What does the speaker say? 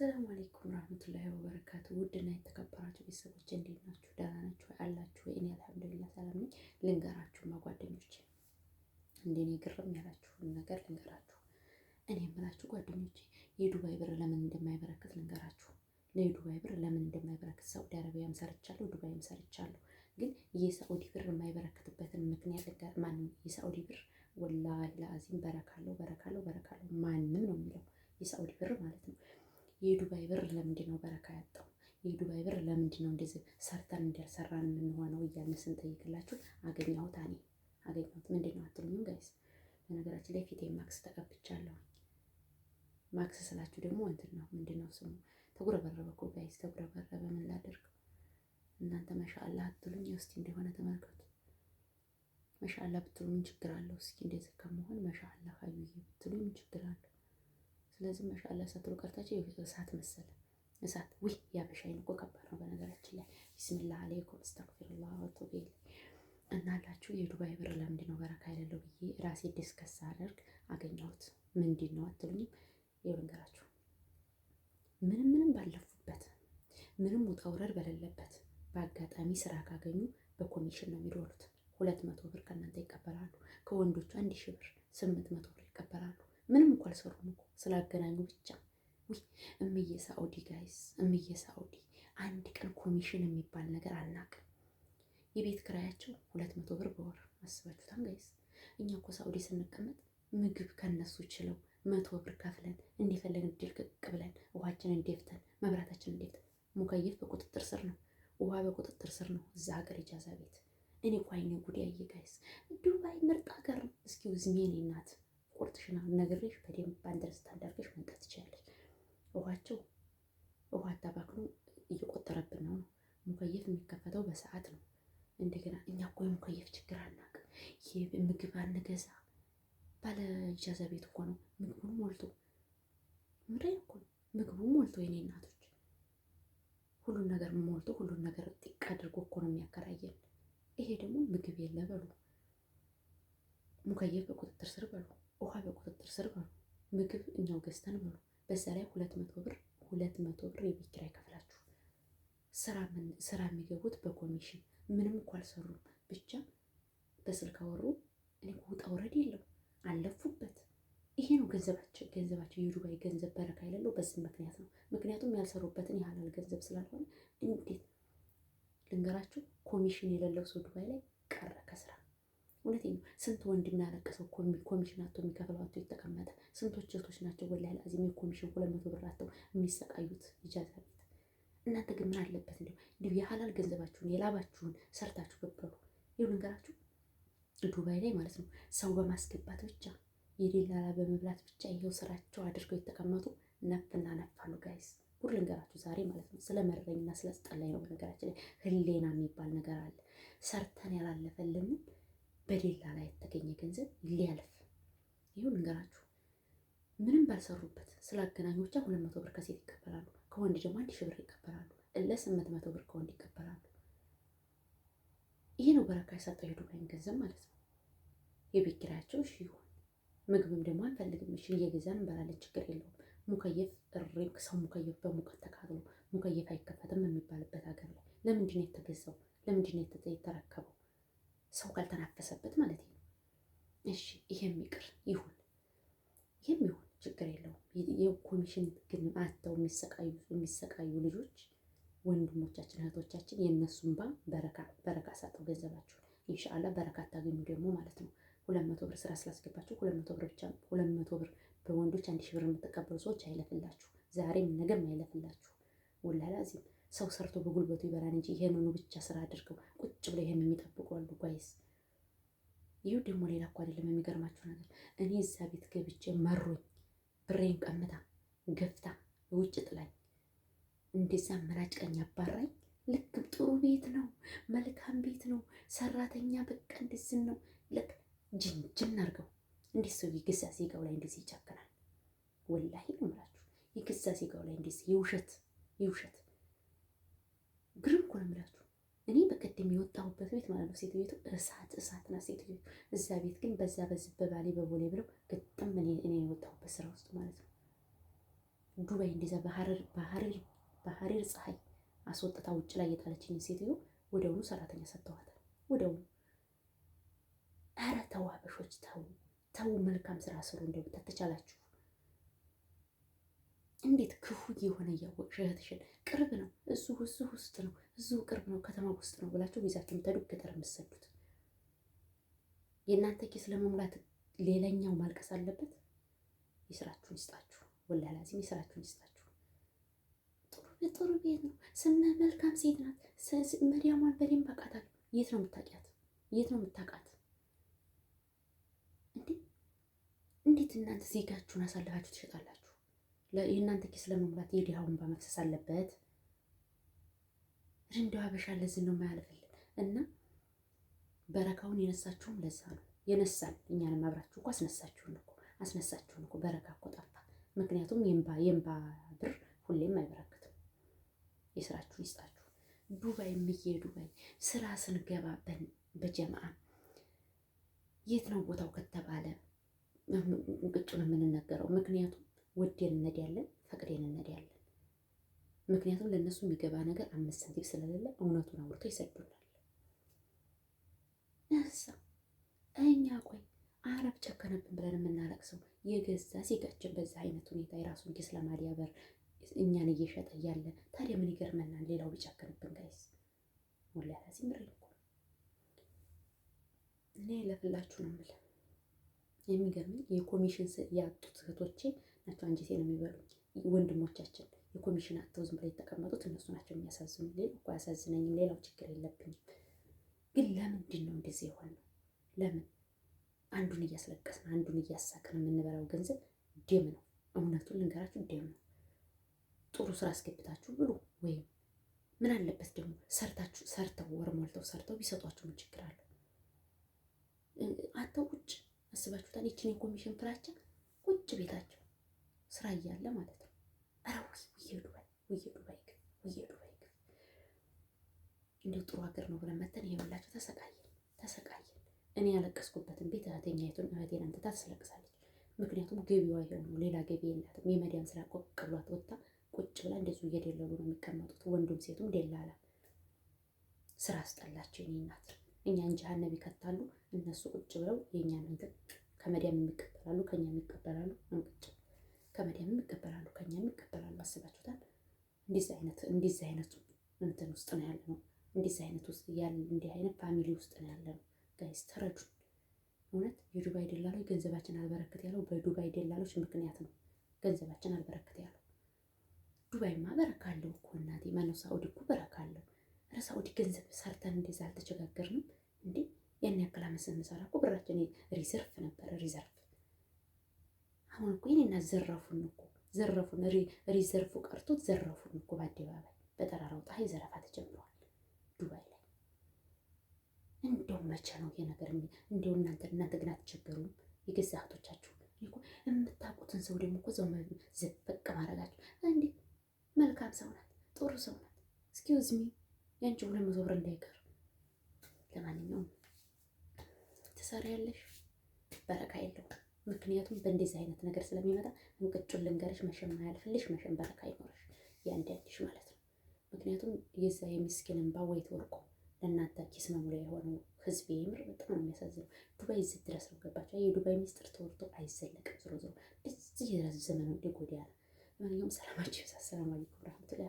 ሰላም አለይኩም ረህመቱላሂ ወበረካቱ። ውድና የተከበራችሁ ቤተሰቦች እንዴት ናችሁ? ደህና ናችሁ አላችሁ? እኔ አልሐምዱሊላህ ሰላም ነኝ። ልንገራችሁማ ጓደኞቼ፣ እንደኔ ግርም ያላችሁን ነገር ልንገራችሁ። እኔ የምላችሁ ጓደኞች የዱባይ ብር ለምን እንደማይበረክት ልንገራችሁ። ለዱባይ ብር ለምን እንደማይበረክት ሳኡዲ አረቢያም ሰርቻለሁ፣ ዱባይም ሰርቻለሁ። ግን የሳኡዲ ብር የማይበረክትበትን ምክንያት ማንም የሳኡዲ ብር ወላሂ ለአዚም በረካለሁ፣ በረካለሁ፣ በረካለሁ ማንም ነው የሚለው የሳኡዲ ብር ማለት ነው የዱባይ ብር ለምንድን ነው በረካ ያጣው? የዱባይ ብር ለምንድን ነው እንደዚህ ሰርተን እንዳልሰራን የምንሆነው? እያልን ስንጠይቅላችሁ አገኘሁት እኔ አገኘሁት። ምንድን ነው አትሉኝም ጋይስ? በነገራችን ላይ ፊቴ ማክስ ተቀብቻለሁ። ማክስ ስላችሁ ደግሞ እንትን ነው ምንድን ነው ስሙ ተጉረበረበ እኮ ጋይስ፣ ተጉረበረበ። ምን ላደርግ እናንተ መሻአላ አትሉኝ? እስቲ እንደሆነ ተመልከቱ። መሻአላ ብትሉ ምን ችግር አለው? እስኪ እንደዚህ ከመሆን መሻአላ ሀይሉ ብትሉ ምን ችግር አለው? ስለዚህ ማሻአላ ሳትሉ ቀርታችሁ እሳት መሰለ እሳት ውይ ያበሻይን እኮ ከባድ ነው በነገራችን ላይ ቢስሚላ አሌይኩም ስተክፊሩላ ወቱቤ እናላችሁ የዱባይ ብር ለምንድን ነው በረካ አይደለው ብዬ ራሴ ዲስከስ አደርግ አገኘሁት ምንድን ነው አትሉኝም የበንገራችሁ ምንም ምንም ባለፉበት ምንም ውጣ ውረድ በሌለበት በአጋጣሚ ስራ ካገኙ በኮሚሽን ነው የሚሮሉት ሁለት መቶ ብር ከእናንተ ይቀበላሉ ከወንዶቹ አንድ ሺህ ብር ስምንት መቶ ብር ይቀበላሉ ምንም እንኳ አልሰሩም እኮ ስላገናኙ ብቻ። ውይ እምዬ ሳኡዲ ጋይስ፣ እምዬ ሳኡዲ አንድ ቀን ኮሚሽን የሚባል ነገር አልናቅም። የቤት ክራያቸው ሁለት መቶ ብር በወር አስባችሁታን ጋይስ? እኛ እኮ ሳኡዲ ስንቀመጥ ምግብ ከነሱ ችለው መቶ ብር ከፍለን እንዲፈለግን ድልቅቅ ብለን ውሃችን እንዴፍተን መብራታችን እንዴፍተን ሙከይፍ በቁጥጥር ስር ነው። ውሃ በቁጥጥር ስር ነው። እዛ ሀገር ኢጃዛ ቤት እኔ ኳይኔ ጉዳይ ጋይስ። ዱባይ ምርጥ ሀገር ነው። እስኪ ውዝሜኔ ናት። ቁርጥሽን አሁን ነግሬሽ በደንብ አንደርስታንድ አድርገሽ መምጣት ትችላለች። ውሃቸው ውሃ አታባክኑ እየቆጠረብን ነው። ሙከየፍ የሚከፈተው በሰዓት ነው። እንደገና እኛ እኮ የሙከየፍ ችግር አናቅ ይሄ ምግብ አንገዛ ባለ ጃዛ ቤት እኮ ነው ምግቡ ሞልቶ ምሬ እኮ ምግቡ ሞልቶ የኔ እናቶች ሁሉን ነገር ሞልቶ ሁሉን ነገር ጥቅ አድርጎ እኮ ነው የሚያከራየን። ይሄ ደግሞ ምግብ የለ በሉ ሙከየፍ በቁጥጥር ስር በሉ። ውሃ በቁጥጥር ስር በሉ፣ ምግብ እኛው ገዝተን በሉ። በዛ ላይ ሁለት መቶ ብር ሁለት መቶ ብር የቤት ኪራይ ከፍላችሁ ስራ የሚገቡት በኮሚሽን ምንም እኮ አልሰሩም፣ ብቻ በስልክ አወሩ። እኔ ውጣ ውረድ የለው አለፉበት። ይሄ ነው ገንዘባቸው ገንዘባቸው የዱባይ ገንዘብ በረካ የሌለው በዚህ ምክንያት ነው። ምክንያቱም ያልሰሩበትን የሀላል ገንዘብ ስላልሆነ እንዴት ልንገራችሁ፣ ኮሚሽን የሌለው ሰው ዱባይ ላይ ቀረ ከስራ እውነት ነው። ስንት ወንድም ያለቀሰው ኮሚሽን አቶ የሚከፍለው አቶ የተቀመጠ ስንቶች እህቶች ናቸው ወላሂ ለአዚም የኮሚሽን ሁለት መቶ ብር አጥተው የሚሰቃዩት ኢጃዛ ቤት። እናንተ ግን ምን አለበት እንዲሁ እንዲ የሀላል ገንዘባችሁን የላባችሁን ሰርታችሁ ገብበሉ። ይኸው ልንገራችሁ ዱባይ ላይ ማለት ነው ሰው በማስገባት ብቻ የሌላ በመብላት ብቻ ይኸው ስራቸው አድርገው የተቀመጡ ነፍና ነፋሉ። ጋይስ ሁሉ ልንገራችሁ ዛሬ ማለት ነው ስለ ስለመረኝና ስለስጠላኝ ነው። በነገራችን ላይ ህሌና የሚባል ነገር አለ። ሰርተን ያላለፈልንም በሌላ ላይ የተገኘ ገንዘብ ሊያልፍ ይሁን እንገራችሁ ምንም ባልሰሩበት ስላገናኙ ብቻ ሁለት መቶ ብር ከሴት ይቀበላሉ። ከወንድ ደግሞ አንድ ሺህ ብር ይቀበላሉ። ለስምንት መቶ ብር ከወንድ ይቀበላሉ። ይሄ ነው በረካ የሰጠው የዱባይን ገንዘብ ማለት ነው። የቤት ኪራያቸው እሺ ይሁን፣ ምግብም ደግሞ አንፈልግም እሺ እየገዛን እንበላለን፣ ችግር የለውም። ሙከየፍ እሬክ ሰው ሙከየፍ በሙቀት ተካፍሎ ሙከየፍ አይከፈትም የሚባልበት ሀገር ላይ ለምንድን ነው የተገዛው? ለምንድን ነው የተረከበው? ሰው ካልተናፈሰበት ማለት ነው። እሺ ይሄም ይቅር ይሁን፣ ይሄም ይሁን ችግር የለውም። የኮሚሽን ግን አተው የሚሰቃዩ ልጆች ወንድሞቻችን እህቶቻችን፣ የእነሱን ባ በረካ ሳጠው ገንዘባችሁ ኢንሻአላ በረካ አታገኙ ደግሞ ማለት ነው። ሁለት መቶ ብር ስራ ስላስገባችሁ ሁለት መቶ ብር ብቻ ሁለት መቶ ብር በወንዶች አንድ ሺህ ብር የምትቀበሉ ሰዎች አይለፍላችሁ፣ ዛሬም ነገም አይለፍላችሁ። ወላላ እዚህ ሰው ሰርቶ በጉልበቱ ይበላል እንጂ ይሄንኑ ብቻ ስራ አድርገው ቁጭ ብለው ይሄን የሚጠብቁ አሉ። ጓይስ ይሁ ደግሞ ሌላ እኮ አይደለም። የሚገርማችሁ ነገር እኔ እዛ ቤት ገብቼ መሮኝ ብሬን ቀምታ ገፍታ ውጭ ጥላኝ እንደዛ መላጭ ቀኝ አባራኝ። ልክ ጥሩ ቤት ነው፣ መልካም ቤት ነው። ሰራተኛ በቃ እንደዚህ ነው። ልክ ጅንጅን አድርገው እንዴት ሰው የገዛ ዜጋው ላይ እንደዚህ ይጨክናል? ወላሂ ነው የምላችሁ። የገዛ ዜጋው ላይ እንደዚህ የውሸት የውሸት ግርም እኮ ነው የምላችሁ። እኔ በቀደም የወጣሁበት ቤት ማለት ነው ሴትዮቱ እሳት እሳት ናት ሴትዮቱ። እዛ ቤት ግን በዛ በዚህ በባሌ በቦሌ ብለው ግጥም እኔ የወጣሁበት ስራ ውስጥ ማለት ነው ዱባይ እንደዛ በሀረር ፀሐይ አስወጥታ ውጭ ላይ የጣለችኝ ሴትዮ ወደውኑ ሰራተኛ ሰጥተዋታል። ወደውኑ ኧረ ተው አበሾች ተው ተው፣ መልካም ስራ ስሩ እንደው ተተቻላችሁ። እንዴት ክፉ የሆነ እያወቅሽ እህትሽን ቅርብ ነው እዚሁ እዚሁ ውስጥ ነው እዚሁ ቅርብ ነው ከተማ ውስጥ ነው ብላችሁ ይዛችሁ የምትሄዱ ገጠር የምትሰዱት የእናንተ ኪስ ለመሙላት ሌላኛው ማልቀስ አለበት። የስራችሁን ይስጣችሁ፣ ወላሂ ላዚም የስራችሁን ይስጣችሁ። ጥሩ ጥሩ ቤት ነው ስመ መልካም ሴት ናት። መዲያሟን በደንብ አውቃታለሁ። የት ነው የምታውቂያት? የት ነው የምታውቃት? እንዴ! እንዴት እናንተ ዜጋችሁን አሳልፋችሁ ትሸጣላችሁ? የእናንተ ኪስ ለመሙላት የድሃውን በመፍሰስ አለበት። እንደው ሀበሻ ለዚህ ነው የማያልፍልን እና በረካውን የነሳችሁም ለዛ ነው የነሳን። እኛንም አብራችሁ እኮ አስነሳችሁን እኮ አስነሳችሁን እኮ በረካ እኮ ጠፋ። ምክንያቱም የእምባ የእምባ ብር ሁሌም አይበረክትም። የስራችሁ ይስጣችሁ። ዱባይ የሚሄ ዱባይ ስራ ስንገባ በጀማአ የት ነው ቦታው ከተባለ ቅጩን የምንነገረው ምክንያቱም ወደን እንሄዳለን፣ ፈቅደን እንሄዳለን። ምክንያቱም ለእነሱ የሚገባ ነገር አምስት ሳንቲም ስለሌለ እውነቱን አውርቶ ይሰዱናል። ነሳ እኛ ቆይ አረብ ጨከነብን ብለን የምናለቅሰው የገዛ ዜጋችን በዛ አይነት ሁኔታ የራሱን ጊስ ለማዳበር እኛን እየሸጠ እያለ ታዲያ ምን ይገርመናል? ሌላው ቢጨከንብን ጋይስ ወላሂ ራሴ ምር እኮ እኔ ለፍላችሁ ነው የምለው። የሚገርመኝ የኮሚሽን ያጡት እህቶቼ ናቸው ነው የሚበሉ ወንድሞቻችን የኮሚሽን አጥተው ዝም ብለው የተቀመጡት እነሱ ናቸው የሚያሳዝኑ። ሌላ እኮ አያሳዝነኝም፣ ሌላው ችግር የለብኝም። ግን ለምንድን ነው እንደዚህ የሆነው? ለምን አንዱን እያስለቀስን አንዱን እያሳቅን የምንበላው ገንዘብ ደም ነው። እውነቱን ልንገራችሁ ደም ነው። ጥሩ ስራ አስገብታችሁ ብሉ። ወይም ምን አለበት ደግሞ ሰርታችሁ ሰርተው ወር ሞልተው ሰርተው ቢሰጧችሁ ምን ችግር አለው? አተው ቁጭ አስባችሁታል? ይችን የኮሚሽን ፍራቻ ቁጭ ቤታቸው ስራ እያለ ማለት ነው። ኧረ ውዬ ዱባይ ውዬ ዱባይ ግን ውዬ ዱባይ ግን እንደው ጥሩ ሀገር ነው ብለን መተን ይሄውላችሁ ተሰቃየን ተሰቃየን። እኔ ያለቀስኩበትን ቤት እህተኛይቱን እህቴን አንትታ ትስለቅሳለች። ምክንያቱም ገቢዋ ይሄው ነው፣ ሌላ ገቢ የላትም። የመዲያን ስራ ቆቅ ብሏት ወጥታ ቁጭ ብላ እንደዚሁ እየደለሉ ነው የሚቀመጡት፣ ወንዱም ሴቱም ደላላ። ስራ አስጠላቸው የእኔ እናት። እኛን ጀሃነም ይከታሉ እነሱ ቁጭ ብለው የእኛን እንትን ከመዲያም የሚቀበላሉ ከእኛም የሚቀበላሉ። በደንብ አስባችሁታል። እንዲዚህ አይነት እንዲዚህ አይነት እንትን ውስጥ ነው ያለ ነው። እንዲዚህ አይነት ውስጥ ያለ እንዲህ አይነት ፋሚሊ ውስጥ ነው ያለ ነው። ጋይስ ተረዱ። እውነት የዱባይ ደላሎች ገንዘባችን አልበረከት ያለው በዱባይ ደላሎች ምክንያት ነው። ገንዘባችን አልበረከት ያለው ዱባይማ አለው እኮ እናቴ ማነው ሳኡዲ እኮ አለው። ኧረ ሳኡዲ ገንዘብ ሰርተን እንደዛ አልተቸጋገርንም እንዴ? ያን ያክል አመት ስንሰራ እኮ ብራችን ሪዘርፍ ነበረ ሪዘርፍ። አሁን እኮ ይህን እናዘረፉን እኮ ዘረፉን። ሪዘርፉ ቀርቶት ዘረፉን እኮ በአደባባይ በጠራራው ፀሐይ ዘረፋ ተጀምሯል ዱባይ ላይ። እንደው መቼ ነው ይሄ ነገር? እንደው እናንተ እናንተ ግን አትቸገሩም? የገዛ እህቶቻችሁ የምታውቁትን ሰው ደግሞ እኮ ዘው ዘበቅ ማድረጋችሁ እንዴ! መልካም ሰው ናት፣ ጥሩ ሰው ናት። እስኪውዝ ሚ ያንቺ ሁለት መቶ ብር እንዳይቀር። ለማንኛውም ትሰራ ያለሽ በረካ የለውም። ምክንያቱም በእንደዚህ አይነት ነገር ስለሚመጣ እንቅጩን ልንገርሽ፣ መሸም አያልፍልሽ፣ መሸም በረካ አይኖርሽ ያንዳንድሽ ማለት ነው። ምክንያቱም የዛ የሚስኪን እንባ ወይ ተወርቆ ለእናንተ ኪስ መሙያ የሆነው ህዝብ የምር በጣም ነው የሚያሳዝነው። ዱባይ ዝ ድረስ ነው ገባቸው። የዱባይ ሚስጥር ተወርቶ አይዘለቅም። ዝሮ ዝሮ እዚህ ድረስ ዘመኑ ሊጎዳ ነው። ማንኛውም ሰላማችሁ ይብዛ። ሰላም አለይኩም ረመቱላ